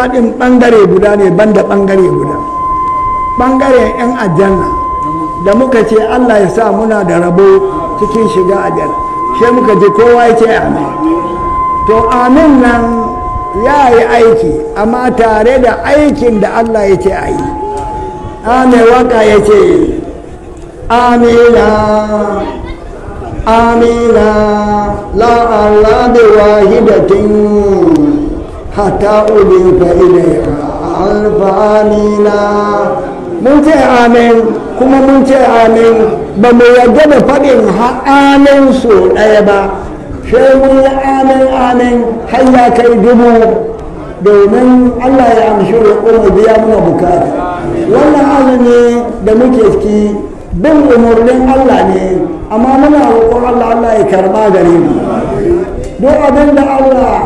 faɗin ɓangare guda ne ban da ɓangare guda ɓangaren 'yan aljanna da muka ce allah ya sa muna da rabo cikin shiga aljanna sai muka ji kowa ya ce amin to amin nan ya yi aiki amma tare da aikin da allah ya ce a yi amin waka ya ce amina amina la da wahidatin hatta ulinka ilaika alfanina mun ce amin kuma mun ce amin ba mu yarda da faɗin amin so ɗaya ba sai mun yi amin amin har ya kai dubu domin allah ya amshi roƙon mu biya muna bukata wannan azumi da muke ciki bin umarnin allah ne amma muna roƙon allah allah ya karɓa gare mu don abin da allah